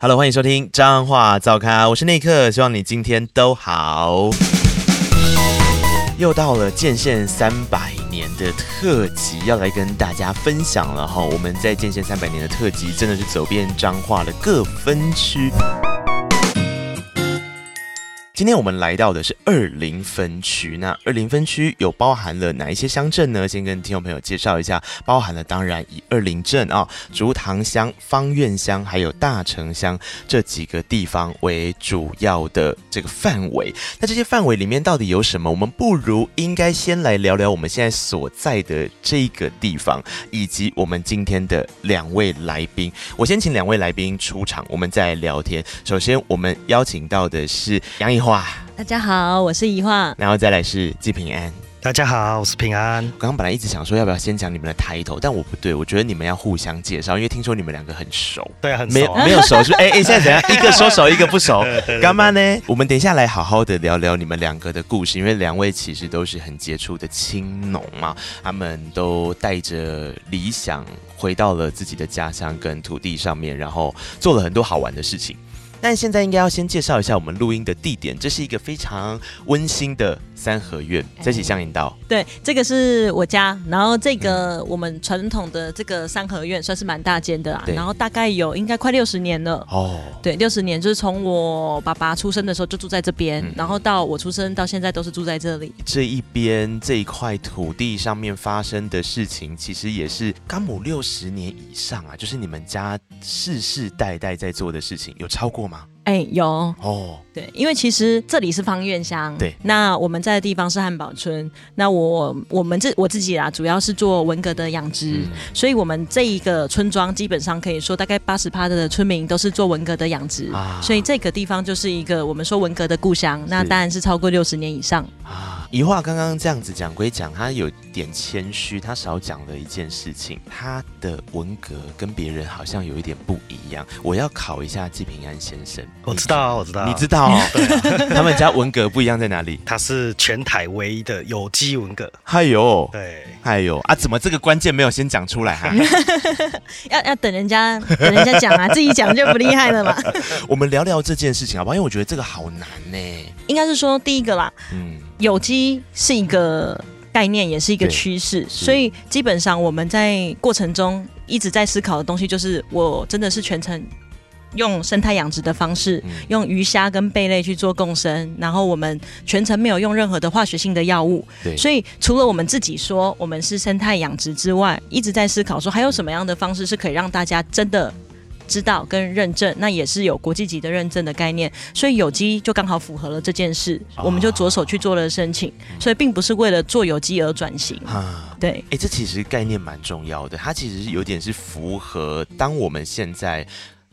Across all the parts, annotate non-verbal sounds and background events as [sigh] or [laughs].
哈囉，歡迎收聽《彰話噪咖》，我是內克，希望你今天都好。 [music] 又到了《建縣三百年的特輯》，要來跟大家分享了齁。我們在《建縣三百年的特輯》真的是走遍彰化的各分區。今天我們來到的是二林分區，那二林分區有包含了哪一些鄉鎮呢？先跟聽眾朋友介紹一下，包含了當然以二林鎮啊、哦、竹塘鄉、芳苑鄉還有大城鄉這幾個地方為主要的這個範圍。那這些範圍裡面到底有什麼？我們不如應該先來聊聊我們現在所在的這個地方，以及我們今天的兩位來賓。我先請兩位來賓出場，我們再來聊天。首先，我們邀請到的是楊宜樺。哇，大家好，我是宜樺。然後再來是季平安，大家好，我是平安。我剛剛本來一直想說要不要先講你們的 title，但我不對，我覺得你們要互相介紹，因為聽說你們兩個很熟，對、啊，很熟、啊沒，沒有熟 [laughs] 是，是？哎、欸欸，現在怎樣，一個說熟，熟， [laughs] 熟，熟，一個不熟，幹嘛呢？ [laughs] 我們等一下來好好的聊聊你們兩個的故事，因為兩位其實都是很傑出的青農嘛，他們都帶着理想回到了自己的家鄉跟土地上面，然後做了很多好玩的事情。那現在應該要先介紹一下我們錄音的地點，這是一個非常溫馨的三合院，在吉祥銀道。對，這個是我家，然後這個我們傳統的這個三合院算是蠻大間的啦，啊，然後大概有應該快六十年了哦，對，六十年就是從我爸爸出生的時候就住在這邊，嗯、然後到我出生到現在都是住在這裡。這一邊這一塊土地上面發生的事情，其實也是剛姆六十年以上啊，就是你們家世世代代在做的事情，有超過嗎？哎、欸，有哦，對，因為其實這裡是芳苑鄉，對，那我們在的地方是漢寶村，那我我,我們這我自己啊，主要是做文蛤的養殖、嗯，所以我們這一個村莊基本上可以說大概八十趴的村民都是做文蛤的養殖、啊，所以這個地方就是一個我們說文蛤的故鄉，那當然是超過六十年以上啊。宜樺剛剛這樣子講歸講，他有點謙虛，他少講了一件事情，他的文蛤跟別人好像有一點不一樣，我要考一下季平安先生。我知道啊，我知道，你知道啊、哦。 [laughs] 他們家文蛤不一樣在哪裡？它是全台唯一的有機文蛤。哎呦，對，哎呦啊，怎麼這個關鍵沒有先講出來哈？ [laughs] [laughs] 要要等人家等人家講啊， [laughs] 自己講就不厲害了嘛。 [laughs] 我們聊聊這件事情好不好？因為我覺得這個好難呢、欸。應該是說第一個啦，嗯，有機是一個概念，也是一個趨勢，所以基本上我們在過程中一直在思考的東西，就是我真的是全程。用生態養殖的方式，嗯、用魚蝦跟貝類去做共生，然後我們全程沒有用任何的化學性的藥物。對。所以除了我們自己說我們是生態養殖之外，一直在思考說還有什麼樣的方式是可以讓大家真的知道跟認證，那也是有國際級的認證的概念。所以有機就剛好符合了這件事，哦、我們就着手去做了申請、嗯。所以並不是為了做有機而轉型啊。對。哎、欸，這其實概念蠻重要的，它其實有點是符合當我們現在。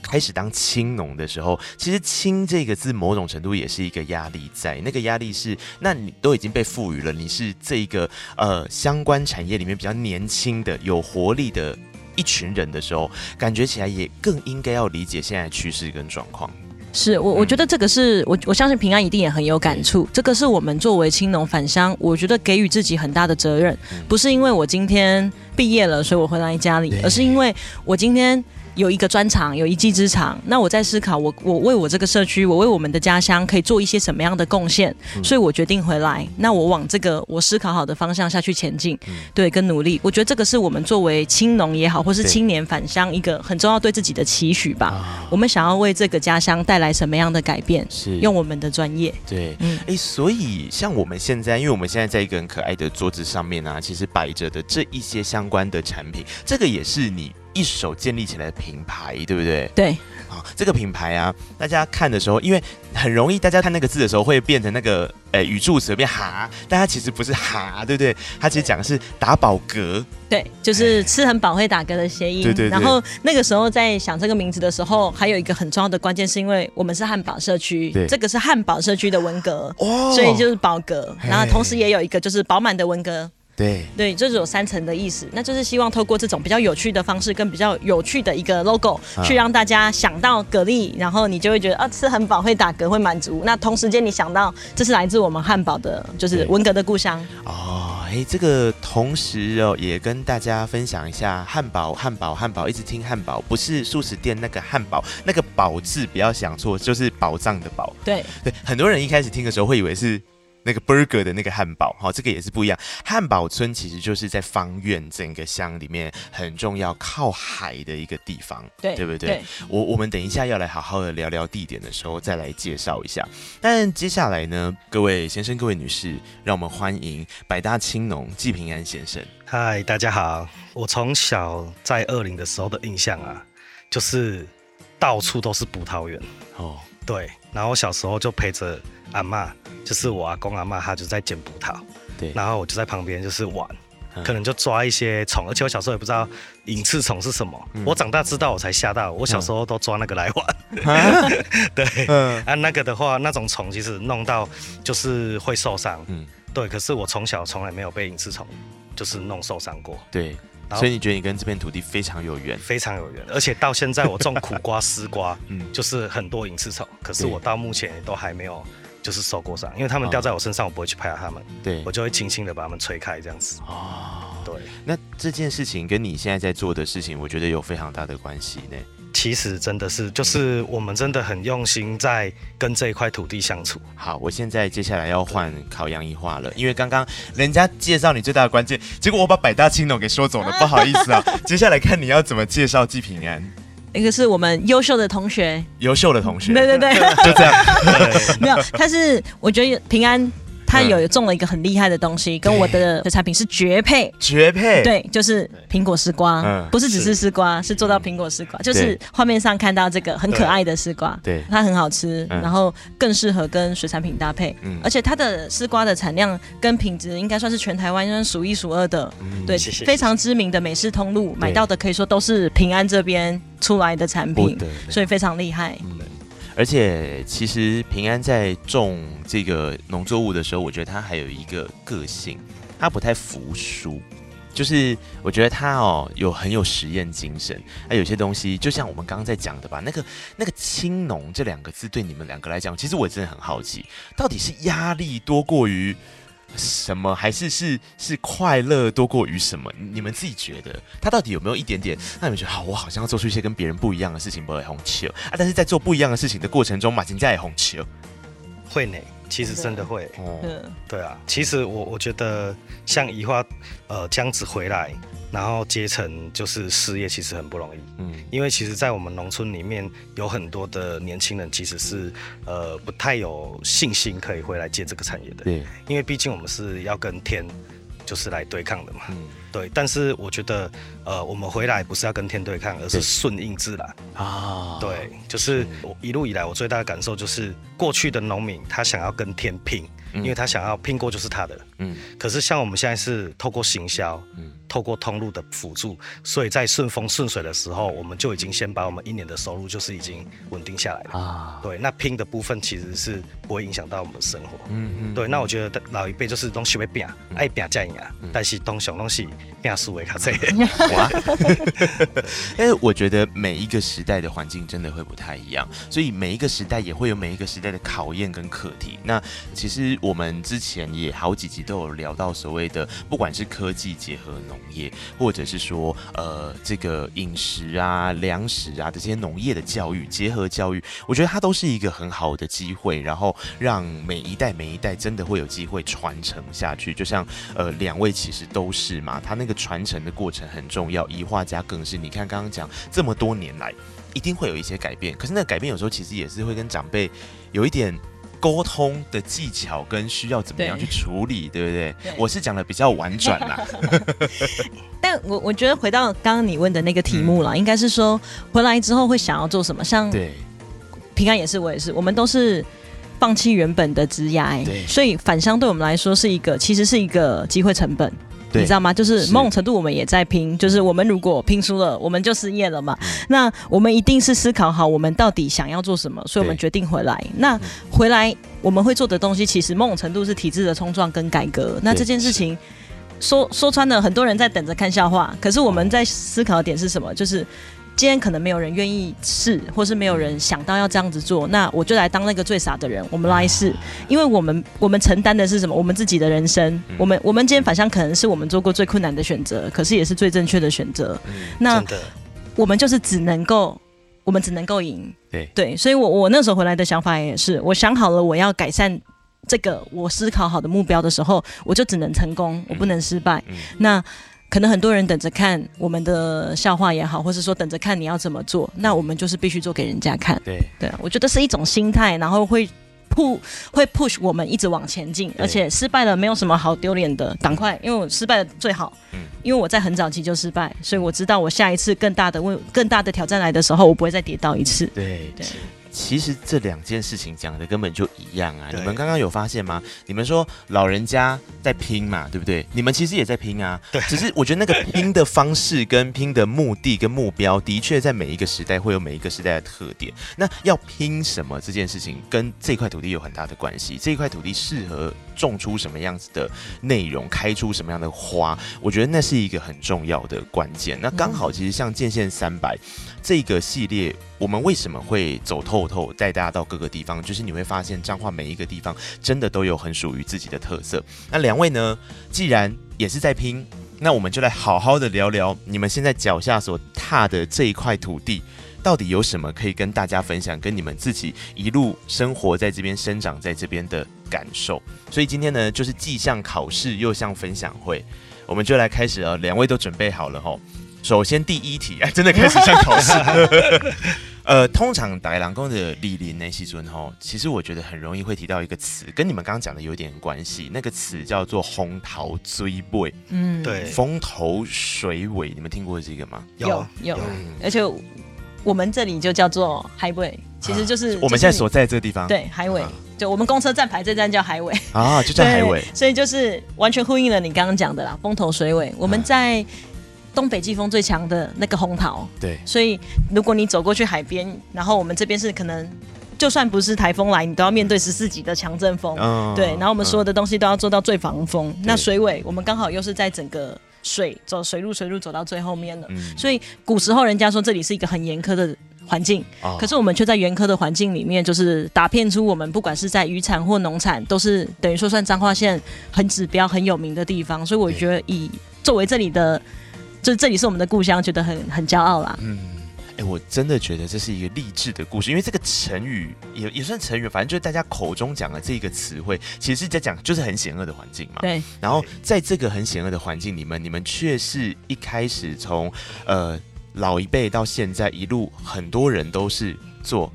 開始當青農的時候，其實“青”這個字某種程度也是一個壓力在，在那個壓力是，那你都已經被賦予了，你是這一個呃相關產業裡面比較年輕的、有活力的一群人的時候，感覺起來也更應該要理解現在的趨勢跟狀況。是，我我覺得這個是，我、嗯、我相信平安一定也很有感觸。這個是我們作為青農返鄉，我覺得給予自己很大的責任，嗯、不是因為我今天畢業了，所以我回來家裡，而是因為我今天。有一個專長，有一技之長，那我在思考我，我我為我這個社區，我為我們的家鄉可以做一些什麼樣的貢獻，嗯，所以我決定回來。那我往這個我思考好的方向下去前進，嗯，對，跟努力。我覺得這個是我們作為青農也好，或是青年返鄉一個很重要對自己的期許吧。我們想要為這個家鄉帶來什麼樣的改變？是用我們的專業。對，哎、嗯欸，所以像我們現在，因為我們現在在一個很可愛的桌子上面呢，啊，其實擺着的這一些相關的產品，這個也是你。一手建立起來的品牌，對不對？對，啊，這個品牌啊，大家看的時候，因為很容易，大家看那個字的時候會變成那個呃語助詞，變哈，但它其實不是哈，對不對？它其實講的是打飽嗝，對，就是吃很飽會打嗝的諧音。哎、對，對對對。然後那個時候在想這個名字的時候，還有一個很重要的關鍵，是因為我們是漢寶社區，對，這個是漢寶社區的文革，哦，所以就是寶嗝、哎，然後同時也有一個就是飽滿的文革。對對，這是有三層的意思，那就是希望透過這種比較有趣的方式，跟比較有趣的一個 logo，去讓大家想到蛤蜊，啊、然後你就會覺得啊吃很飽，會打嗝，會滿足。那同時間你想到這是來自我們漢寶的，就是文蛤的故鄉。哦，哎、欸，這個同時哦，也跟大家分享一下漢寶，漢寶，漢寶，一直聽漢寶，不是素食店那個漢堡，那個寶字不要想錯，就是寶藏的寶。對對，很多人一開始聽的時候會以為是。那個 burger 的那個漢堡，好，哦，這個也是不一樣。漢堡村其實就是在芳苑整個鄉裡面很重要、靠海的一個地方，對對不對？對，我我們等一下要來好好的聊聊地點的時候，再來介紹一下。但接下來呢，各位先生、各位女士，讓我們歡迎百大青農季平安先生。嗨，大家好，我從小在二林的時候的印象啊，就是到處都是葡萄園哦。對，然後我小時候就陪着阿媽，就是我阿公阿媽，他就在撿葡萄，對，然後我就在旁邊就是玩，嗯、可能就抓一些蟲，而且我小時候也不知道隱翅蟲是什麼、嗯，我長大知道我才嚇到我、嗯，我小時候都抓那個來玩，啊、 [laughs] 對、嗯，啊那個的話，那種蟲其實弄到就是會受傷，嗯，對，可是我從小從來沒有被隱翅蟲就是弄受傷過，對。所以你覺得你跟這片土地非常有緣，非常有緣。而且到現在我種苦瓜、絲瓜，嗯， [laughs] 就是很多隱翅蟲，可是我到目前都還沒有就是受過傷，因為它們掉在我身上，哦、我不會去拍打它們，對，我就會輕輕地把它們吹開這樣子。哦，對。那這件事情跟你現在在做的事情，我覺得有非常大的關係呢。其實真的是，就是我們真的很用心在跟這一塊土地相處。好，我現在接下來要換考楊宜樺了，因為剛剛人家介紹你最大的關鍵，結果我把百大青龍給說走了，啊、不好意思啊。 [laughs] 接下來看你要怎麼介紹季平安，一個是我們優秀的同學，優秀的同學，對對對， [laughs] 就這樣， [laughs] 沒有，他是我覺得平安。他有種了一個很厲害的東西，跟我的水產品是絕配，絕配。對，就是蘋果絲瓜，不是只是絲瓜是，是做到蘋果絲瓜，就是畫面上看到這個很可愛的絲瓜。對，它很好吃，然後更適合跟水產品搭配。嗯，而且它的絲瓜的產量跟品質應該算是全台灣數一數二的，嗯。對，非常知名的美式通路買到的可以說都是平安這邊出來的產品，對，所以非常厲害。而且其實平安在種這個農作物的時候，我覺得他還有一個個性，他不太服輸，就是我覺得他哦有很有實驗精神。還、啊、有些東西就像我們剛剛在講的吧，那個那個“青農”這兩個字對你們兩個來講，其實我真的很好奇，到底是壓力多過於。什麼？還是是是快樂多過於什麼？你們自己覺得他到底有沒有一點點？那你們覺得好，我好像要做出一些跟別人不一樣的事情，不會紅起了啊！但是在做不一樣的事情的過程中嘛，人家也紅起了，會呢？其實真的會。嗯，對啊，其實我我覺得像宜樺呃這樣子回來。然後階層就是事業，其實很不容易。嗯，因為其實，在我們農村裡面，有很多的年輕人其實是呃不太有信心可以回來接這個產業的。對，因為畢竟我們是要跟天就是來對抗的嘛。嗯，對。但是我覺得，呃，我們回來不是要跟天對抗，而是順應自然啊。對，就是我一路以來我最大的感受就是，過去的農民他想要跟天拼。因為他想要拼過就是他的，嗯。可是像我們現在是透過行銷，嗯，透過通路的輔助，所以在順風順水的時候，我們就已經先把我們一年的收入就是已經穩定下來了啊。對，那拼的部分其實是不會影響到我們的生活，嗯嗯。對，那我覺得老一輩就是東西會拼，愛、嗯、拚才會贏、嗯，但是通常都是拼數會卡在。哇， [laughs] [laughs] 我覺得每一個時代的環境真的會不太一樣，所以每一個時代也會有每一個時代的考驗跟課題。那其實。我們之前也好幾集都有聊到所謂的，不管是科技結合農業，或者是說呃這個飲食啊、糧食啊這些農業的教育結合教育，我覺得它都是一個很好的機會，然後讓每一代每一代真的會有機會傳承下去。就像呃兩位其實都是嘛，他那個傳承的過程很重要。宜樺家更是，你看剛剛講這麼多年來，一定會有一些改變。可是那改變有時候其實也是會跟長輩有一點。溝通的技巧跟需要怎麼樣去處理，對，對不對，對？我是講的比較婉轉啦 [laughs] 。 [laughs] 但我我覺得回到剛剛你問的那個題目啦，嗯、應該是說回來之後會想要做什麼？像對平安也是，我也是，我們都是放棄原本的職涯，對，所以返鄉對我們來說是一個，其實是一個機會成本。你知道嗎？就是某種程度，我們也在拼。就是我們如果拼輸了，我們就失業了嘛。那我們一定是思考好，我們到底想要做什麼。所以，我們決定回來。那回來我們會做的東西，其實某種程度是體制的衝撞跟改革。那這件事情說說穿了，很多人在等着看笑話。可是我們在思考的點是什麼？就是。今天可能沒有人願意試，或是沒有人想到要這樣子做，那我就來當那個最傻的人。我們來試、啊，因為我們我們承擔的是什麼？我們自己的人生。嗯、我們我們今天返鄉可能是我們做過最困難的選擇，可是也是最正確的選擇、嗯。那我們就是只能夠，我們只能夠贏。對對，所以我我那時候回來的想法也是，我想好了我要改善這個，我思考好的目標的時候，我就只能成功，我不能失敗。嗯嗯、那。可能很多人等着看我們的笑話也好，或者說等着看你要怎麼做，那我們就是必須做給人家看。對對，我覺得是一種心態，然後會 push 會 push 我們一直往前進，而且失敗了沒有什麼好丟臉的，趕快，因為我失敗了最好，因為我在很早期就失敗，所以我知道我下一次更大的問更大的挑戰來的時候，我不會再跌倒一次。對對。其實這兩件事情講的根本就一樣啊！你們剛剛有發現嗎？你們說老人家在拼嘛，對不對？你們其實也在拼啊，對，只是我覺得那個拼的方式、跟拼的目的、跟目標，的確在每一個時代會有每一個時代的特點。那要拼什麼這件事情，跟這塊土地有很大的關係。這塊土地適合種出什麼樣子的內容，開出什麼樣的花，我覺得那是一個很重要的關鍵。那剛好，其實像《建縣三百》這個系列。我們為什麼會走透透，帶大家到各個地方？就是你會發現彰化每一個地方真的都有很屬於自己的特色。那兩位呢，既然也是在拼，那我們就來好好的聊聊你們現在腳下所踏的這一塊土地，到底有什麼可以跟大家分享，跟你們自己一路生活在這邊、生長在這邊的感受。所以今天呢，就是既像考試又像分享會，我們就來開始了，兩位都準備好了吼？首先，第一題哎、啊、真的開始像考試。 [laughs] 是啊、 [laughs] 呃，通常台狼工的二林、那些尊哈，其實我覺得很容易會提到一個詞，跟你們剛剛講的有點關係。那個詞叫做“風頭水尾”。嗯，對，“風頭水尾”，你們聽過這個嗎？有，有。有有，而且我們這裡就叫做海尾，其實就是，啊就是，我們現在所在這個地方。對，海尾。啊、就我們公車站牌這站叫海尾啊，就叫海尾。所以就是完全呼應了你剛剛講的啦，“風頭水尾”。我們在。啊東北季風最強的那個風頭，對，所以如果你走過去海邊，然後我們這邊是可能，就算不是台風來，你都要面對十四級的強陣風、嗯，對，然後我們所有的東西都要做到最防風。嗯、那水尾，我們剛好又是在整個水走水路、水路走到最後面了、嗯，所以古時候人家說這裡是一個很嚴苛的環境、嗯，可是我們卻在嚴苛的環境裡面，就是打拼出我們不管是在漁產或農產，都是等於說算彰化縣很指標、很有名的地方。所以我覺得以作為這裡的。就這裡是我們的故鄉，覺得很很驕傲啦。嗯，哎、欸，我真的覺得這是一個勵志的故事，因為這個成語也也算成語，反正就是大家口中講的這一個詞彙，其實是在講就是很險惡的環境嘛。對，然後在這個很險惡的環境裡面，面，你們卻是一開始從呃老一輩到現在一路很多人都是做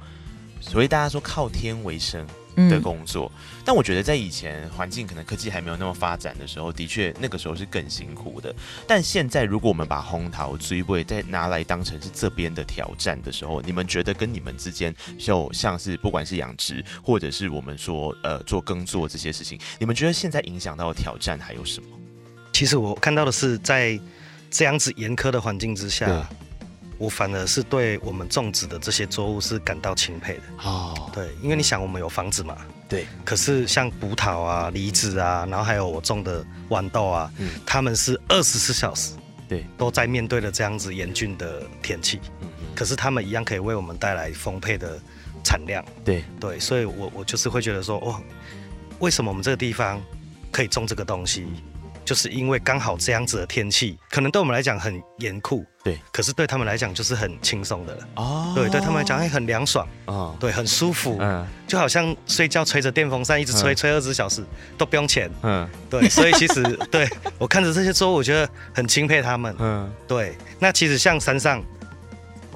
所謂大家說靠天為生。的工作，嗯，但我覺得在以前環境可能科技還沒有那麼發展的時候，的確那個時候是更辛苦的。但現在如果我們把風頭水尾再拿來當成是這邊的挑戰的時候，你們覺得跟你們之間就像是不管是養殖或者是我們說呃做耕作這些事情，你們覺得現在影響到的挑戰還有什麼？其實我看到的是在這樣子嚴苛的環境之下，嗯。我反而是對我們種植的這些作物是感到欽佩的哦，對，因為你想，我們有房子嘛，對。可是像葡萄啊、梨子啊，然後還有我種的豌豆啊，他、嗯、們是二十四小時對都在面對了這樣子嚴峻的天氣，可是他們一樣可以為我們帶來豐沛的產量，對對，所以我我就是會覺得說，哦，為什麼我們這個地方可以種這個東西？嗯就是因為剛好這樣子的天氣，可能對我們來講很嚴酷，對，可是對他們來講就是很輕鬆的了哦。Oh, 對，對他們來講、欸、很涼爽哦，oh. 對，很舒服，嗯、uh.，就好像睡覺吹着電風扇一直、uh. 吹，吹二十小時都不用錢，嗯、uh.，對，所以其實 [laughs] 對我看着這些作物我覺得很欽佩他們，嗯、uh.，對。那其實像山上，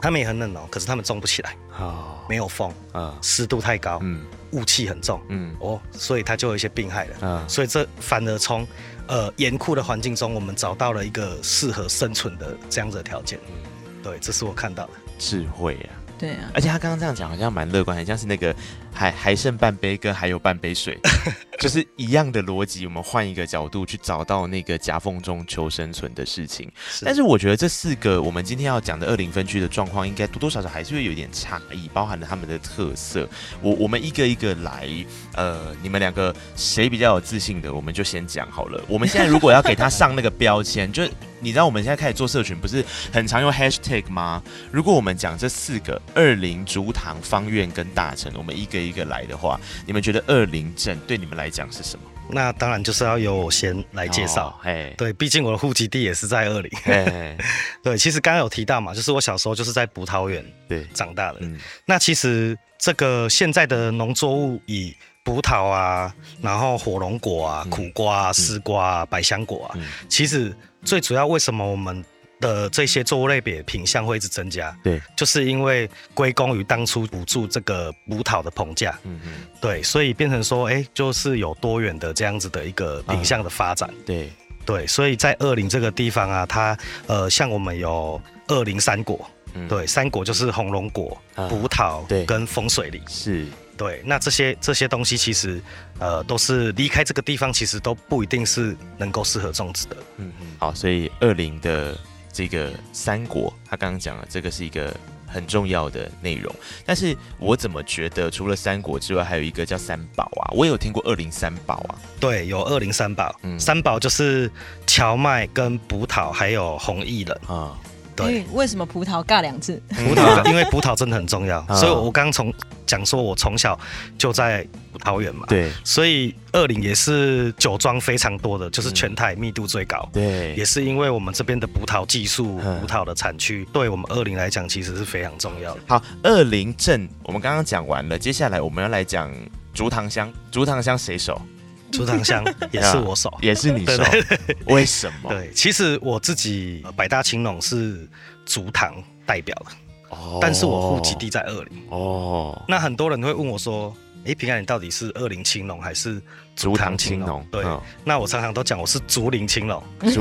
他們也很冷哦、喔，可是他們種不起來，哦、uh.，沒有風，啊，濕度太高，嗯，霧氣很重，嗯，哦、oh,，所以他就有一些病害了，嗯、uh.，所以這反而從。呃，嚴酷的環境中，我們找到了一個適合生存的這樣子的條件。嗯，對，這是我看到的智慧啊。對啊，而且他剛剛這樣講，好像蠻樂觀的，很像是那個。還還剩半杯跟還有半杯水， [laughs] 就是一樣的邏輯。我們換一個角度去找到那個夾縫中求生存的事情。但是我覺得這四個我們今天要講的二林分區的狀況，應該多多少少還是會有一點差異，包含了他們的特色。我我們一個一個來，呃，你們兩個誰比較有自信的，我們就先講好了。我們現在如果要給他上那個標籤， [laughs] 就你知道我們現在開始做社群，不是很常用 hashtag 嗎？如果我們講這四個二林、竹塘、芳苑跟大城，我們一個。一個來的話，你們覺得二林鎮對你們來講是什麼？那當然就是要由我先來介紹。哎、哦，對，畢竟我的戶籍地也是在二林。 [laughs] 對，其實剛剛有提到嘛，就是我小時候就是在葡萄園對長大的，嗯。那其實這個現在的農作物以葡萄啊，然後火龍果啊，嗯、苦瓜、啊、絲、嗯、瓜、啊、百香果啊、嗯，其實最主要為什麼我們？的這些作物類別品項會一直增加，對，就是因為歸功於當初補助這個葡萄的棚架，嗯嗯，對，所以變成說，哎、欸，就是有多元的這樣子的一個品項的發展，啊、對對，所以在二林這個地方啊，它呃，像我們有二林三果、嗯，對，三果就是紅龍果、啊、葡萄對跟豐水梨，是，對，那這些這些東西其實呃都是離開這個地方，其實都不一定是能夠適合種植的，嗯嗯，好，所以二林的。這個三國，他剛剛講了，這個是一個很重要的內容。但是我怎麼覺得，除了三國之外，還有一個叫三寶啊，我也有聽過二林三寶啊。對，有二林三寶、嗯，三寶就是蕎麥、跟葡萄還有紅薏仁啊。哦對、嗯，為什麼葡萄尬兩次？葡、嗯、萄， [laughs] 因為葡萄真的很重要，所以我剛剛從講說，我從小就在葡萄園嘛、嗯，對，所以二林也是酒莊非常多的，就是全台密度最高、嗯，對，也是因為我們這邊的葡萄技術、葡萄的產區、嗯，對我們二林來講，其實是非常重要的。好，二林鎮我們剛剛講完了，接下來我們要來講竹塘鄉，竹塘鄉誰首？竹塘鄉也是我手，也是你手。 [laughs] 為什麼？對，其實我自己百大青農是竹塘代表的，哦、但是我戶籍地在二林。哦，那很多人會問我說。哎，平安，你到底是二林青農還是竹塘青農？青農。對，那我常常都講我是竹林青農，對，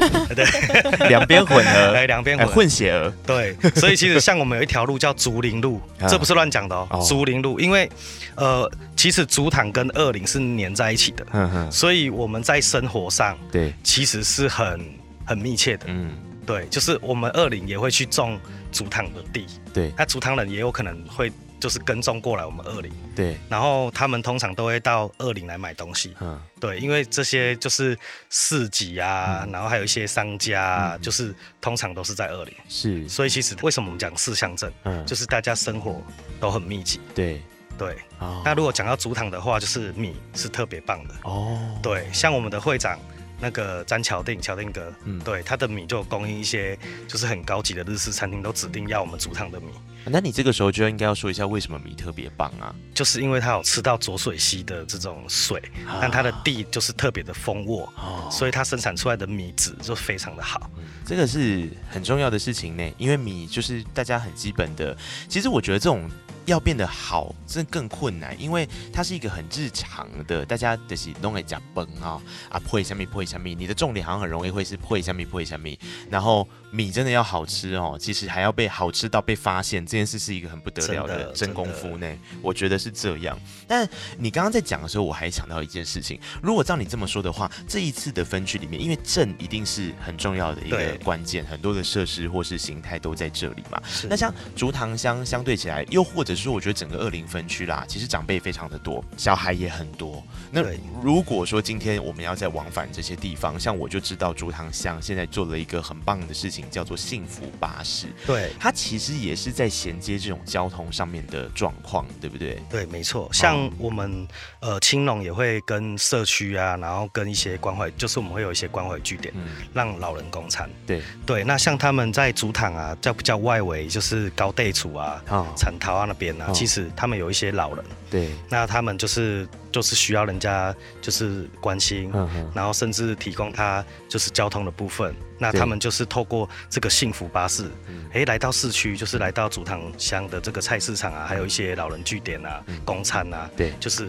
[laughs] 兩邊混合，兩邊混混血兒，對，所以其實像我們有一條路叫竹林路，這不是亂講的哦，哦竹林路，因為呃，其實竹塘跟二林是黏在一起的呵呵，所以我們在生活上對，其實是很很密切的，嗯，對，就是我們二林也會去種竹塘的地，對，那、啊、竹塘人也有可能會。就是跟蹤過來我們二林，對，然後他們通常都會到二林來買東西，嗯，對，因為這些就是市集啊，嗯、然後還有一些商家、啊嗯，就是通常都是在二林是，所以其實為什麼我們講四鄉鎮，嗯，就是大家生活都很密集，對，對，哦、那如果講到竹塘的話，就是米是特別棒的哦，對，像我們的會長。那個詹橋定，橋定哥。嗯，對，它的米就供應一些，就是很高級的日式餐廳都指定要我們煮湯的米，啊。那你這個時候就應該要說一下為什麼米特別棒啊？就是因為它有吃到濁水溪的這種水，啊，但它的地就是特別的豐沃，啊，所以它生產出來的米質就非常的好，嗯。這個是很重要的事情呢，因為米就是大家很基本的。其實我覺得這種。要變得好，真的更困難，因為它是一個很日常的，大家都是吃飯啊，啊配什麼，配什麼，你的重點好像很容易會是配什麼，配什麼，然後。米真的要好吃哦，其實還要被好吃到被發現這件事是一個很不得了的，真的，真功夫呢，我覺得是這樣。但你剛剛在講的時候，我還想到一件事情，如果照你這麼說的話，這一次的分區裡面，因為鎮一定是很重要的一個關鍵，很多的設施或是形態都在這裡嘛。那像竹塘鄉相對起來，又或者是我覺得整個二林分區啦，其實長輩非常的多，小孩也很多。那如果說今天我們要再往返這些地方，像我就知道竹塘鄉現在做了一個很棒的事情。叫做幸福巴士，對，它其實也是在銜接這種交通上面的狀況，對不對？對，沒錯。像我們、嗯、呃，青農也會跟社區啊，然後跟一些關懷，就是我們會有一些關懷據點、嗯，讓老人共餐。對對，那像他們在竹塘啊，叫不叫外圍，就是高地處啊、哦、產桃啊那邊啊、哦，其實他們有一些老人。對，那他們就是。就是需要人家就是關心、嗯嗯，然後甚至提供他就是交通的部分。嗯、那他們就是透過這個幸福巴士，誒、嗯欸，來到市區就是來到竹塘鄉的這個菜市場啊，還有一些老人據點啊、嗯、供餐啊，對、嗯，就是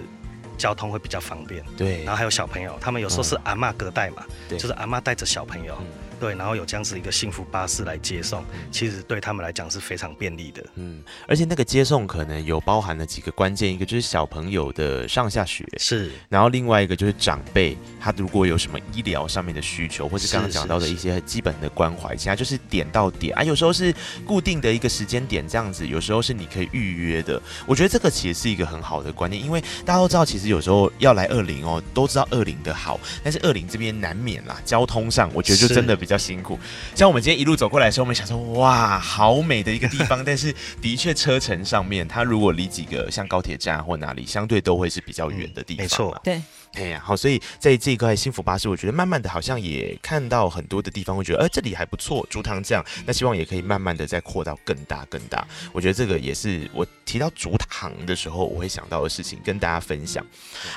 交通會比較方便。對、嗯，然後還有小朋友，他們有時候是阿嬤隔代嘛，嗯、就是阿嬤帶着小朋友。嗯對，然後有這樣子一個幸福巴士來接送，其實對他們來講是非常便利的。嗯，而且那個接送可能有包含了幾個關鍵，一個就是小朋友的上下學是，然後另外一個就是長輩，他如果有什麼醫療上面的需求，或是剛剛講到的一些基本的關懷是是是，其他就是點到點啊，有時候是固定的一個時間點這樣子，有時候是你可以預約的。我覺得這個其實是一個很好的觀念，因為大家都知道，其實有時候要來二林哦，都知道二林的好，但是二林這邊難免啦，交通上我覺得就真的比較。要辛苦，像我們今天一路走過來的時候，我們想說，哇，好美的一個地方。但是的確，車程上面，它如果離幾個像高鐵站或哪裡，相對都會是比較遠的地方、嗯。沒錯，對，哎呀，好，所以在這一塊幸福巴士，我覺得慢慢的，好像也看到很多的地方，會覺得，哎、呃，這裡還不錯。竹塘這樣，那希望也可以慢慢的再擴到更大更大。我覺得這個也是我提到竹塘的時候，我會想到的事情，跟大家分享。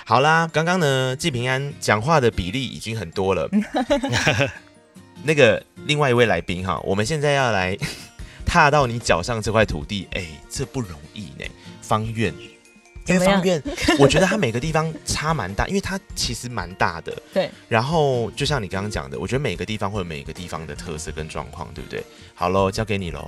好啦，剛剛呢，季平安講話的比例已經很多了。 [laughs] 那個另外一位來賓哈，我們現在要來踏到你腳上這塊土地，哎，這不容易呢。芳苑，對，因為芳苑， [laughs] 我覺得它每個地方差蠻大，因為它其實蠻大的。對。然後就像你剛剛講的，我覺得每個地方會有每個地方的特色跟狀況，對不對？好嘍，交給你嘍。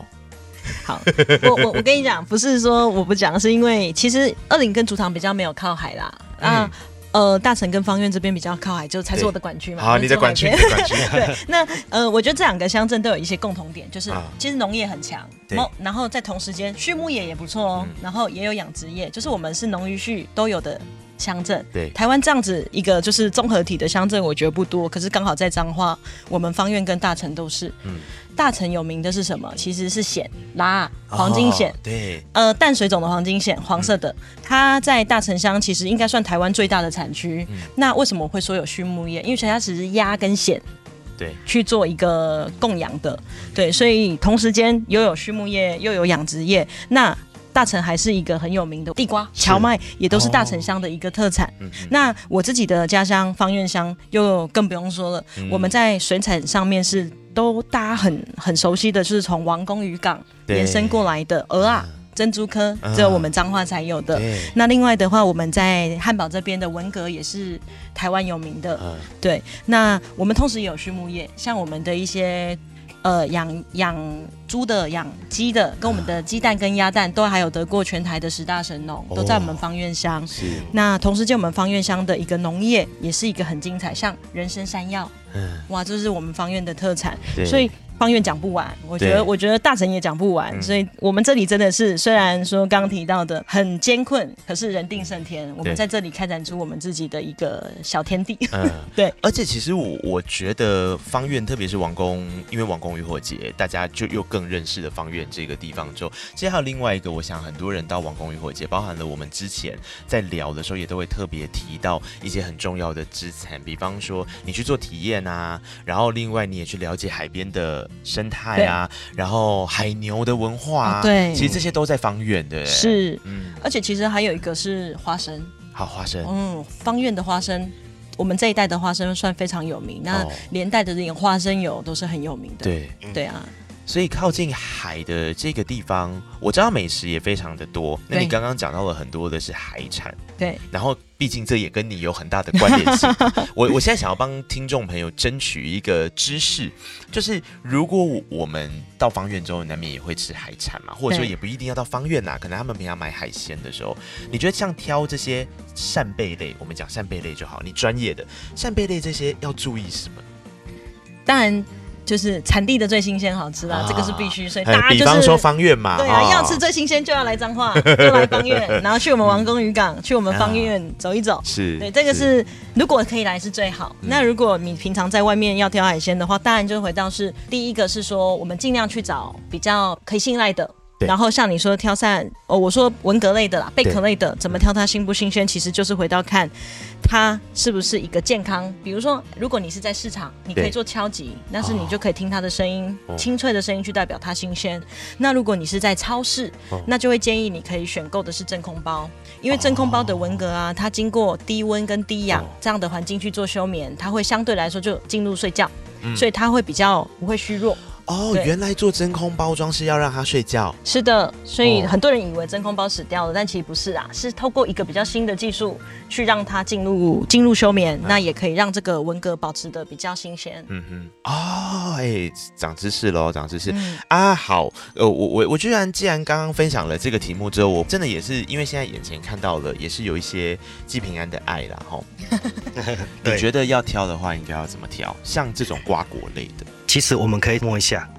好，我我我跟你講，不是說我不講， [laughs] 是因為其實二林跟竹塘比較沒有靠海啦，啊。嗯呃，大城跟芳苑這邊比較靠海，就才是我的管區嘛。好啊，你的管區？ [laughs] 你的管 [laughs] 對，那呃，我覺得這兩個鄉鎮都有一些共同點，就是其實農業很強、啊，然後在同時間畜牧業也不錯哦，然後也有養殖業，就是我們是農漁畜都有的。鄉鎮對台灣這樣子一個就是綜合體的鄉鎮，我覺得不多。可是剛好在彰化，我們芳苑跟大城都是。嗯，大城有名的是什麼？其實是蜆啦，黃金蜆，哦，對，呃淡水種的黃金蜆，黃色的。嗯，它在大城鄉其實應該算台灣最大的產區，嗯。那為什麼我會說有畜牧業？因為它其實是鴨跟蜆，對，去做一個共養的，對，所以同時間又有畜牧業，又有養殖業。那大城還是一個很有名的地瓜、蕎麥，也都是大城鄉的一個特產、哦嗯。那我自己的家鄉芳苑鄉又更不用說了、嗯。我們在水產上面是都大家很很熟悉的，就是從王功漁港延伸過來的蚵仔、珍珠蚵、啊，只有我們彰化才有的。那另外的話，我們在漢寶這邊的文蛤也是台灣有名的、啊。對，那我們同時也有畜牧業，像我們的一些。呃，養養豬的、養雞的，跟我們的雞蛋跟鴨蛋、啊，都還有得過全台的十大神農、哦，都在我們芳苑鄉。是。那同時，就我們芳苑鄉的一個農業，也是一個很精彩，像人參、山藥、嗯，哇，這、就是我們芳苑的特產。所以。芳苑講不完，我覺得我覺得大城也講不完，所以我們這裡真的是雖然說剛剛提到的很艱困，可是人定勝天，我們在這裡開展出我們自己的一個小天地。嗯、 [laughs] 對。而且其實我我覺得芳苑，特別是王功，因為王功漁火節，大家就又更認識了芳苑這個地方。之後，其實還有另外一個，我想很多人到王功漁火節，包含了我們之前在聊的時候，也都會特別提到一些很重要的資產，比方說你去做體驗啊，然後另外你也去了解海邊的。生態啊，然後海牛的文化、啊啊，對，其實這些都在芳苑的。是，嗯，而且其實還有一個是花生，好花生，嗯，芳苑的花生，我們這一代的花生算非常有名，哦、那連帶的這個花生油都是很有名的。對，對啊、嗯。所以靠近海的這個地方，我知道美食也非常的多。那你剛剛講到了很多的是海產，對，然後。畢竟這也跟你有很大的關聯性。 [laughs] 我我現在想要幫聽眾朋友爭取一個知識，就是如果我們到芳苑之後，難免也會吃海產嘛，或者說也不一定要到芳苑吶，可能他們平常買海鮮的時候，你覺得像挑這些扇貝類，我們講扇貝類就好，你專業的扇貝類這些要注意什麼？當然。就是產地的最新鮮好吃啦，啊啊，這個是必須。所以大家，就是，比方說芳苑嘛，對啊，要吃最新鮮就要來彰化，哦，就來芳苑， [laughs] 然後去我們王功漁港，嗯，去我們芳苑走一走。啊，對是對，這個是，是如果可以來是最好，嗯，那如果你平常在外面要挑海鮮的話，當然就回到是第一個是說，我們盡量去找比較可以信賴的。然後像你說挑散哦，我說文蛤類的啦，貝殼類的怎麼挑它新不新鮮？其實就是回到看它是不是一個健康。比如說，如果你是在市場，你可以做敲擊，那是你就可以聽它的聲音，哦，清脆的聲音去代表它新鮮。那如果你是在超市，哦，那就會建議你可以選購的是真空包，因為真空包的文蛤啊，哦，它經過低溫跟低氧這樣的環境去做休眠，它會相對來說就進入睡覺，嗯、所以它會比較不會虛弱。哦，原來做真空包裝是要讓它睡覺。是的，所以很多人以為真空包死掉了，哦、但其實不是啊，是透過一個比較新的技術去讓它進入進入休眠、啊，那也可以讓這個文蛤保持得比較新鮮。嗯哼，哦，哎、欸，長知識嘍，長知識、嗯。啊，好，呃，我我我居然，既然剛剛分享了這個題目之後，我真的也是因為現在眼前看到了，也是有一些寄平安的愛啦，哈。 [laughs] 你覺得要挑的話，應該要怎麼挑？像這種瓜果類的。其實我們可以摸一下，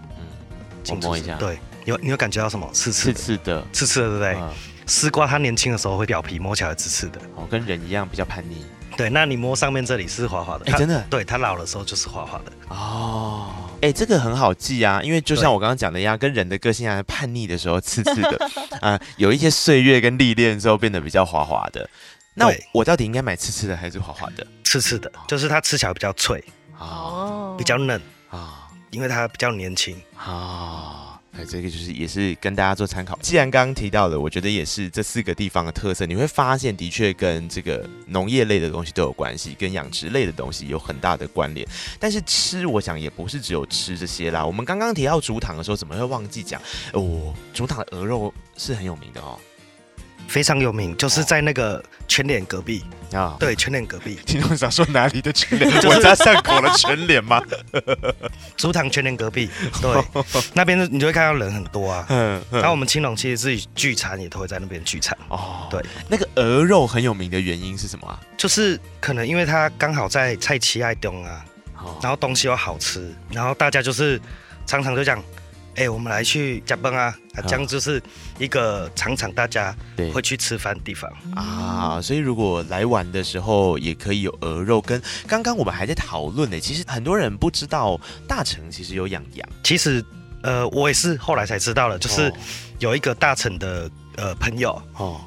嗯，摸一下，對，你有你有感覺到什麼？刺刺的，刺刺的，對不對？絲瓜、嗯、它年輕的時候會表皮摸起來刺刺的，哦，跟人一樣比較叛逆。對，那你摸上面這裡是滑滑的，哎、欸，真的，對，它老的時候就是滑滑的。哦，哎，這個很好記啊，因為就像我剛剛講的一樣，跟人的個性一、啊、樣，叛逆的時候刺刺的，啊、呃，有一些歲月跟歷練之後變得比較滑滑的。那我，我到底應該買刺刺的還是滑滑的？刺刺的，就是它吃起來比較脆，哦，比較嫩啊。哦因為他比較年輕，還、哦、有這個就是也是跟大家做參考。既然剛剛提到了，我覺得也是這四個地方的特色，你會發現的確跟這個農業類的東西都有關係，跟養殖類的東西有很大的關聯。但是吃，我想也不是只有吃這些啦。我們剛剛提到竹塘的時候，怎麼會忘記講？哦，竹塘的鵝肉是很有名的哦。非常有名，就是在那個全聯隔壁啊、哦，對，全聯隔壁。聽眾想說哪裡的全聯？我家上口的全聯嗎？竹 [laughs] 塘全聯隔壁，對，哦、那邊你就會看到人很多啊。嗯，嗯然後我們青農其實自己聚餐也都會在那邊聚餐哦。對，那個鵝肉很有名的原因是什麼啊？就是可能因為它剛好在菜期愛東啊、哦，然後東西又好吃，然後大家就是常常就這樣。哎、欸，我們來去加班啊，啊，這樣就是一個常常大家會去吃飯的地方啊。所以如果來玩的時候，也可以有鵝肉。跟剛剛我們還在討論呢，其實很多人不知道大城其實有養羊、羊。其實，呃，我也是後來才知道了，就是有一個大城的呃朋友哦，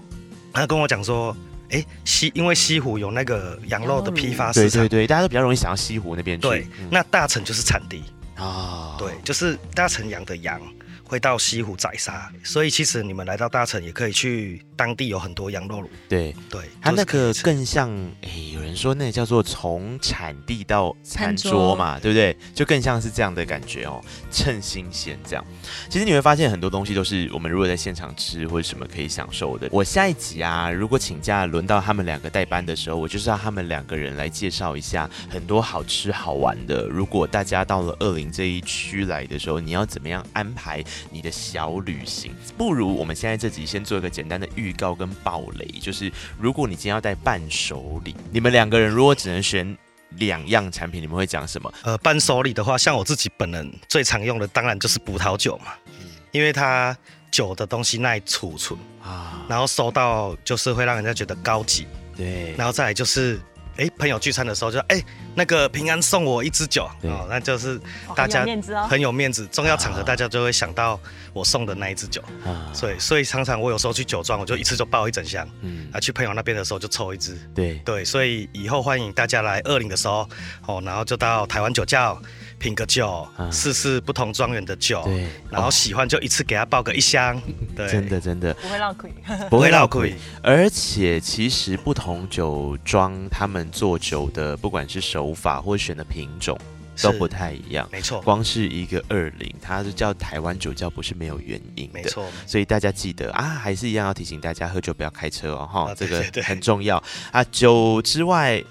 他跟我講說，哎、欸，西因為西湖有那個羊肉的批發市場，肉肉對對對，大家都比較容易想到西湖那邊去。對，嗯、那大城就是產地。啊、oh，對，就是大城養的羊會到溪湖宰殺，所以其實你們來到大城也可以去。當地有很多羊肉爐，對對，它那個更像，哎、欸，有人說那叫做從產地到餐桌嘛，桌對不對，對？就更像是這樣的感覺哦，趁新鮮這樣。其實你會發現很多東西都是我們如果在現場吃或者什麼可以享受的。我下一集啊，如果請假輪到他們兩個代班的時候，我就是讓他們兩個人來介紹一下很多好吃好玩的。如果大家到了二林這一區來的時候，你要怎麼樣安排你的小旅行？不如我們現在這集先做一個簡單的預。預告跟爆雷，就是如果你今天要帶伴手禮，你們兩個人如果只能選兩樣產品，你們會講什麼？呃，伴手禮的話，像我自己本人最常用的，當然就是葡萄酒嘛，嗯、因為它酒的東西耐儲存啊，然後收到就是會讓人家覺得高級，對，然後再來就是。哎，朋友聚餐的時候就說，就哎那個平安送我一支酒哦，那就是大家，哦，很有面子哦，很有面子，重要場合大家就會想到我送的那一支酒啊，所以所以常常我有時候去酒莊，我就一次就抱一整箱，嗯，啊去朋友那邊的時候就抽一支，對對，所以以後歡迎大家來二林的時候哦，然後就到台灣酒窖。品個酒、啊，試試不同莊園的酒，對，然後喜歡就一次給他報個一箱對、哦，對，真的真的不會浪費，不會浪費。而且其實不同酒莊他們做酒的，不管是手法或選的品種都不太一樣，一二林,沒錯。光是一個二林，他是叫台灣酒窖，不是沒有原因的，沒錯。所以大家記得啊，還是一樣要提醒大家喝酒不要開車哦，哈，啊、這個很重要對對對啊。酒之外。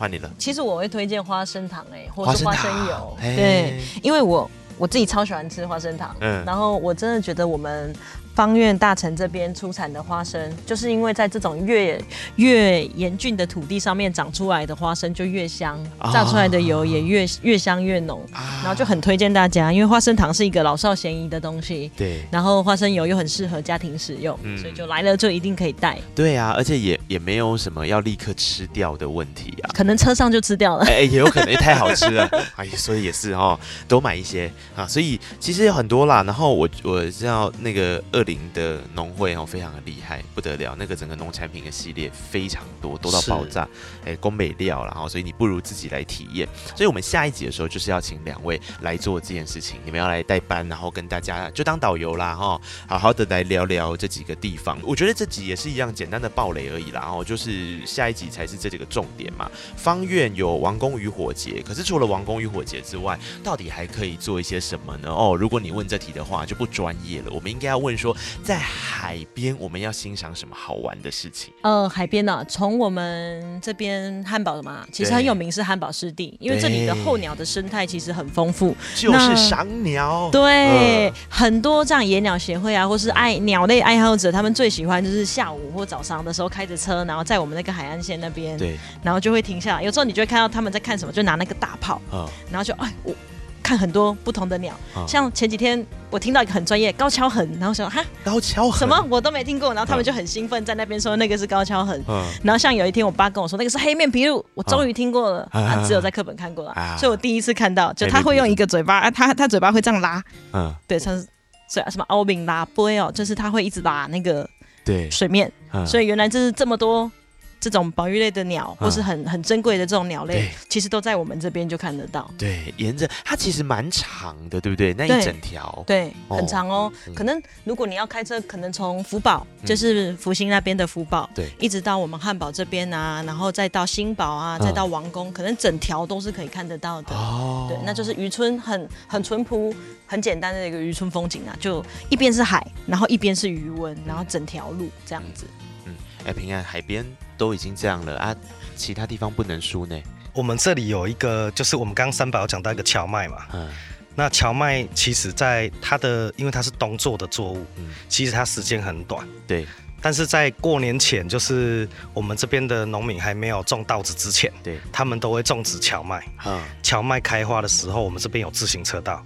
換你了。其實我會推薦花生糖哎、欸，或是花生油。生對、欸，因為我我自己超喜歡吃花生糖，嗯、然後我真的覺得我們。方苑、大城這邊出產的花生，就是因為在這種越越嚴峻的土地上面長出來的花生就越香，榨出來的油也越，啊，越香越濃，啊，然後就很推薦大家，因為花生糖是一個老少咸宜的東西，對，然後花生油又很適合家庭使用，嗯，所以就來了就一定可以帶。對啊，而且也也沒有什麼要立刻吃掉的問題啊，可能車上就吃掉了，哎，欸，也有可能也太好吃了， [laughs] 哎，所以也是哦，多買一些啊，所以其實有很多啦，然後我我知道那個二林的農會哦，非常的厲害，不得了。那個整個農產品的系列非常多，多到爆炸。哎，工、欸、美料啦、哦，哈，所以你不如自己來體驗。所以我們下一集的時候就是要請兩位來做這件事情，你們要來代班，然後跟大家就當導遊啦、哦，哈，好好的來聊聊這幾個地方。我覺得這集也是一樣簡單的爆雷而已啦，哦，就是下一集才是這幾個重點嘛。芳苑有王功漁火節，可是除了王功漁火節之外，到底還可以做一些什麼呢？哦，如果你問這題的話就不專業了，我們應該要問說。在海邊，我們要欣賞什麼好玩的事情？呃，海邊呢、啊，從我們這邊漢堡的嘛，其實很有名是漢堡濕地，因為這裡的候鳥的生態其實很豐富，就是賞鳥。對、呃，很多這樣野鳥協會啊，或是愛鳥類愛好者，他們最喜歡就是下午或早上的時候開着車，然後在我們那個海岸線那邊，對，然後就會停下來。有時候你就會看到他們在看什麼，就拿那個大炮，呃、然後就哎我。看很多不同的鳥、哦，像前幾天我聽到一個很專業高蹺鴴，然後想哈高蹺什麼我都沒聽過，然後他們就很興奮在那邊說那個是高蹺鴴、哦，然後像有一天我爸跟我說那個是黑面琵鷺，我終於聽過了，他、哦啊、只有在課本看過了、啊，所以我第一次看到就他會用一個嘴巴，啊、他他嘴巴會這樣拉，嗯對，像是所以什麼凹面拉波爾、哦，就是他會一直拉那個對水面對、嗯，所以原來就是這麼多。這種保育類的鳥，或是很很珍貴的這種鳥類、嗯，其實都在我們這邊就看得到。對，沿着它其實蠻長的，對不對？那一整條，對、哦，很長哦。嗯、可能如果你要開車，可能從福寶，就是福興那邊的福寶，對、嗯，一直到我們漢寶這邊啊，然後再到新寶啊、嗯，再到王宮、嗯，可能整條都是可以看得到的。哦，對，那就是漁村很很淳樸、很簡單的一個漁村風景啊，就一邊是海，然後一邊是魚塭，然後整條路這樣子。嗯，哎，平安海邊都已經這樣了啊，其他地方不能輸呢。我們這裡有一個，就是我們剛剛三寶講到一個蕎麥嘛。嗯。那蕎麥其實，在它的因為它是冬作的作物，嗯，其實它時間很短。對。但是在過年前，就是我們這邊的農民還沒有種稻子之前，對他們都會種植蕎麥。啊、嗯。蕎麥開花的時候，我們這邊有自行車道，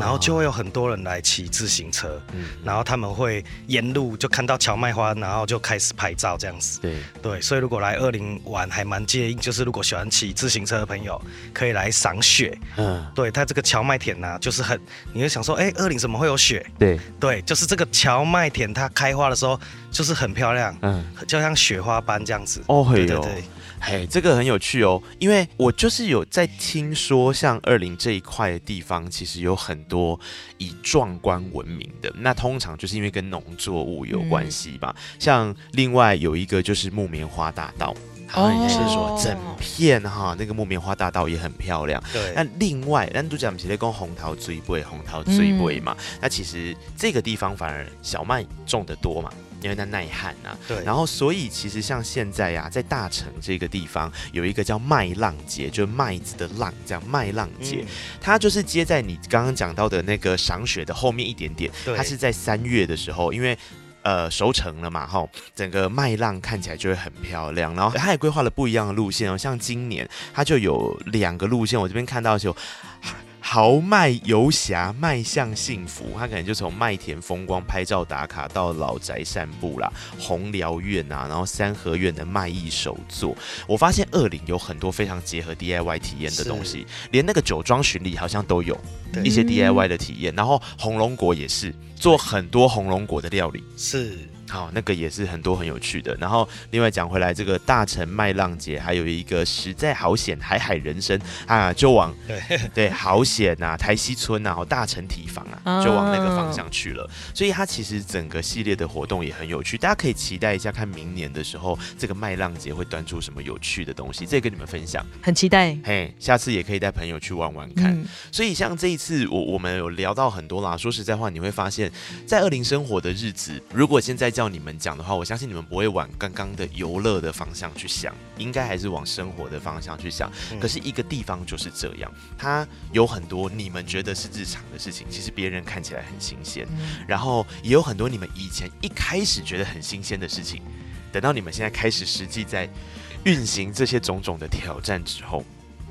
然後就會有很多人來騎自行車，嗯、然後他們會沿路就看到蕎麥花，然後就開始拍照這樣子。對對，所以如果來二林玩，還蠻建議，就是如果喜歡騎自行車的朋友，可以來賞雪。嗯，對它這個蕎麥田呢、啊，就是很，你會想說，哎，二林怎麼會有雪？對對，就是這個蕎麥田它開花的時候就是很漂亮，嗯，就像雪花般這樣子。哦，對對對。嘿、hey,，這個很有趣哦，因為我就是有在聽說，像二林這一塊的地方，其實有很多以壯觀聞名的。那通常就是因為跟農作物有關係吧、嗯。像另外有一個就是木棉花大道，他們也是說整片哈那個木棉花大道也很漂亮。對。那另外，南都講起來跟風頭水尾，風頭水尾嘛、嗯，那其實這個地方反而小麥種得多嘛。因為它耐旱啊，對。然後，所以其實像現在啊，在大城這個地方有一個叫麥浪節，就是麥子的浪這樣，麥浪節、嗯，它就是接在你剛剛講到的那個賞雪的後面一點點。它是在三月的時候，因為呃，熟成了嘛，哈、哦，整個麥浪看起來就會很漂亮。然後它也規劃了不一樣的路線哦，像今年它就有兩個路線，我這邊看到的時候。啊豪邁遊俠邁向幸福，他可能就從麥田風光拍照打卡到老宅散步啦，紅寮院啊，然後三合院的賣藝手作。我發現二林有很多非常結合 DIY 體驗的東西，連那個酒莊巡禮好像都有對一些 DIY 的體驗，然後紅龍果也是做很多紅龍果的料理。是。哦，那個也是很多很有趣的。然後另外講回來，這個大城麥浪節還有一個實在好險海海人生啊，就往對對好險吶，啊，台西村吶，啊，大城堤防啊，就往那個方向去了。Oh. 所以它其實整個系列的活動也很有趣，大家可以期待一下，看明年的時候這個麥浪節會端出什麼有趣的東西，這也跟你們分享。很期待，嘿，下次也可以帶朋友去玩玩看。嗯、所以像這一次我我們有聊到很多啦，說實在話，你會發現在二林生活的日子，如果現在叫你們講的話，我相信你們不會往剛剛的遊樂的方向去想，應該還是往生活的方向去想。可是，一個地方就是這樣，嗯，它有很多你們覺得是日常的事情，其實別人看起來很新鮮，嗯。然後，也有很多你們以前一開始覺得很新鮮的事情，等到你們現在開始實際在運行這些種種的挑戰之後。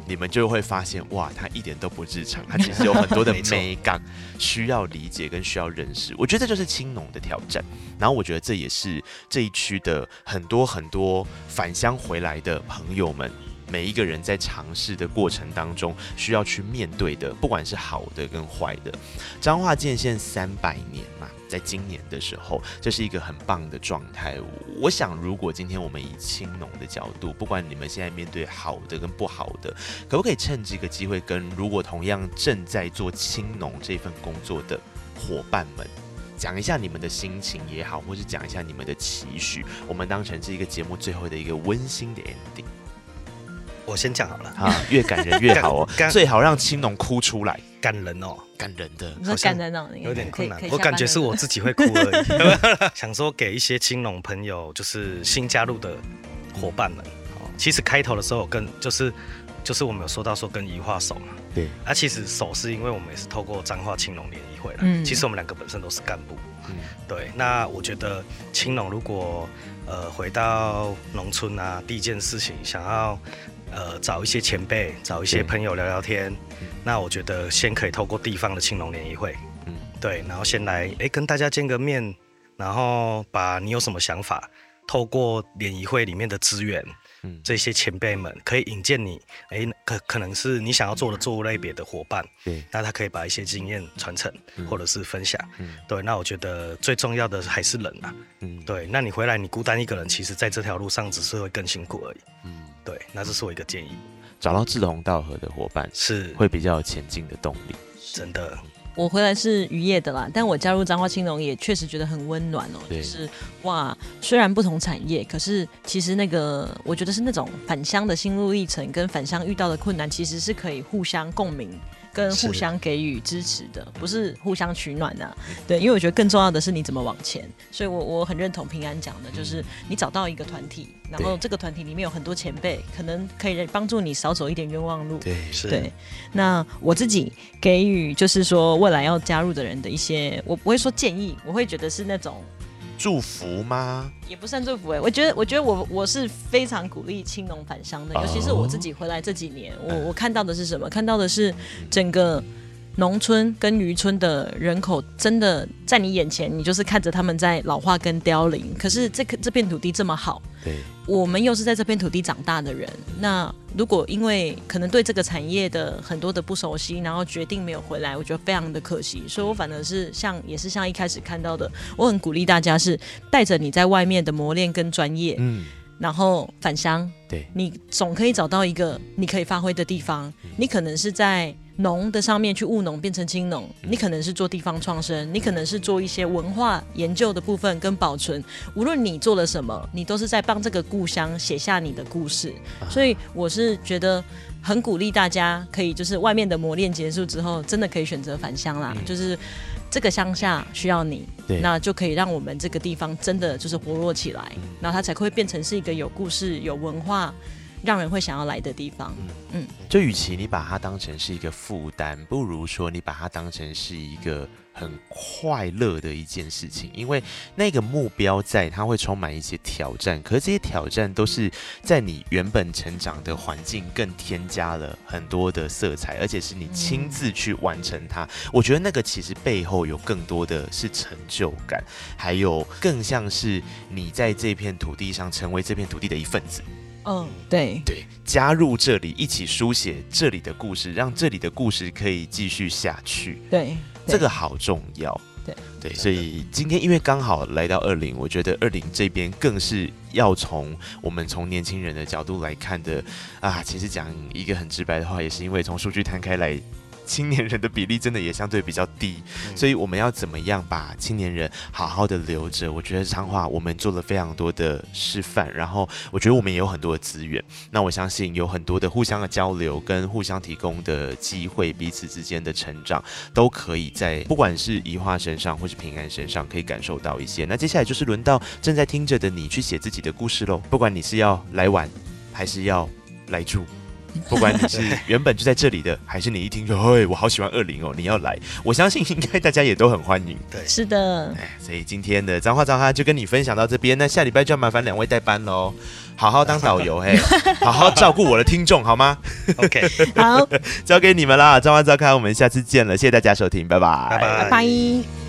你們就會發現，哇，它一點都不日常，它其實有很多的美感，需要理解跟需要認識。 [laughs] 我覺得這就是青農的挑戰，然後我覺得這也是這一區的很多很多返鄉回來的朋友們，每一個人在嘗試的過程當中需要去面對的，不管是好的跟壞的。彰化建縣三百年嘛。在今年的時候，這是一個很棒的狀態。我，我想，如果今天我們以青農的角度，不管你們現在面對好的跟不好的，可不可以趁這個機會，跟如果同樣正在做青農這份工作的伙伴們，講一下你們的心情也好，或是講一下你們的期許，我們當成是一個節目最後的一個溫馨的 ending。我先講好了，啊，越感人越好哦， [laughs] 最好讓青農哭出來。感人哦，感人的，好像有點困難。我感覺是我自己會哭而已。 [laughs] [laughs] 想說給一些青農朋友，就是新加入的伙伴們、嗯。其實開頭的時候跟就是就是我們有說到說跟宜樺手嘛，對。那、啊、其實手是因為我們也是透過彰化青農聯誼會了。嗯，其實我們兩個本身都是幹部。嗯，對。那我覺得青農如果呃回到農村啊，第一件事情想要。呃，找一些前輩，找一些朋友聊聊天。那我覺得先可以透過地方的青農聯誼會，嗯，對，然後先來，哎、欸，跟大家見個面，然後把你有什麼想法，透過聯誼會裡面的資源。嗯、這些前輩們可以引薦你，哎、欸，可可能是你想要做的作物類別的夥伴，對、嗯，那他可以把一些經驗傳承、嗯，或者是分享，嗯，對，那我覺得最重要的還是人啊，嗯，對，那你回來你孤單一個人，其實在這條路上只是會更辛苦而已，嗯，對，那這是我一個建議，找到志同道合的夥伴是會比較有前進的動力，真的。我回來是漁業的啦，但我加入彰化青農也確實覺得很溫暖哦、喔。就是哇，雖然不同產業，可是其實那個我覺得是那種返鄉的心路歷程跟返鄉遇到的困難，其實是可以互相共鳴。跟互相給予支持的。是不是互相取暖吶、啊。對，因為我覺得更重要的是你怎麼往前。所以我，我我很認同平安講的，就是你找到一個團體、嗯，然後這個團體裡面有很多前輩，可能可以幫助你少走一點冤枉路。對，是。的。對，那我自己給予就是說，未來要加入的人的一些，我不會說建議，我會覺得是那種。祝福嗎？也不算祝福誒、欸，我覺得，我覺得我我是非常鼓勵青農返鄉的，尤其是我自己回來這幾年，oh? 我我看到的是什麼？Uh. 看到的是整個。農村跟漁村的人口真的在你眼前，你就是看着他們在老化跟凋零。可是這個這片土地這麼好，對，對，我們又是在這片土地長大的人。那如果因為可能對這個產業的很多的不熟悉，然後決定沒有回來，我覺得非常的可惜。所以我反而是像也是像一開始看到的，我很鼓勵大家是帶着你在外面的磨練跟專業，嗯，然後返鄉，對，你總可以找到一個你可以發揮的地方。你可能是在。農的上面去務農變成青農，你可能是做地方創生，你可能是做一些文化研究的部分跟保存。無論你做了什麼，你都是在幫這個故鄉寫下你的故事。所以我是覺得很鼓勵大家，可以就是外面的磨練結束之後，真的可以選擇返鄉啦，嗯。就是這個鄉下需要你，那就可以讓我們這個地方真的就是活絡起來，然後它才會變成是一個有故事、有文化讓人會想要來的地方，嗯，就與其你把它當成是一個負擔，不如說你把它當成是一個很快樂的一件事情。因為那個目標在，它會充滿一些挑戰，可是這些挑戰都是在你原本成長的環境更添加了很多的色彩，而且是你親自去完成它。我覺得那個其實背後有更多的是成就感，還有更像是你在這片土地上成為這片土地的一份子。嗯、oh，對對，加入這裡一起書寫這裡的故事，讓這裡的故事可以繼續下去。對，對這個好重要。對對，所以今天因為剛好來到二林，我覺得二林這邊更是要從我們從年輕人的角度來看的啊。其實講一個很直白的話，也是因為從數據攤開來。青年人的比例真的也相對比較低，所以我們要怎麼樣把青年人好好的留着？我覺得彰化我們做了非常多的示範，然後我覺得我們也有很多的資源。那我相信有很多的互相的交流跟互相提供的機會，彼此之間的成長都可以在不管是宜樺身上或是平安身上可以感受到一些。那接下來就是輪到正在聽着的你去寫自己的故事嘍，不管你是要來玩，還是要來住。 [laughs] 不管你是原本就在這裡的， [laughs] 還是你一聽說，我好喜歡二林哦，你要來，我相信應該大家也都很歡迎。對，是的。哎、所以今天的彰化噪咖就跟你分享到這邊，那下禮拜就要麻煩兩位代班嘍，好好當導遊，嘿，好好照顧我的聽眾， [laughs] 好嗎？OK， [laughs] 好， [laughs] 交給你們啦，彰化噪咖，我們下次見了，謝謝大家收聽，拜拜，拜。Bye bye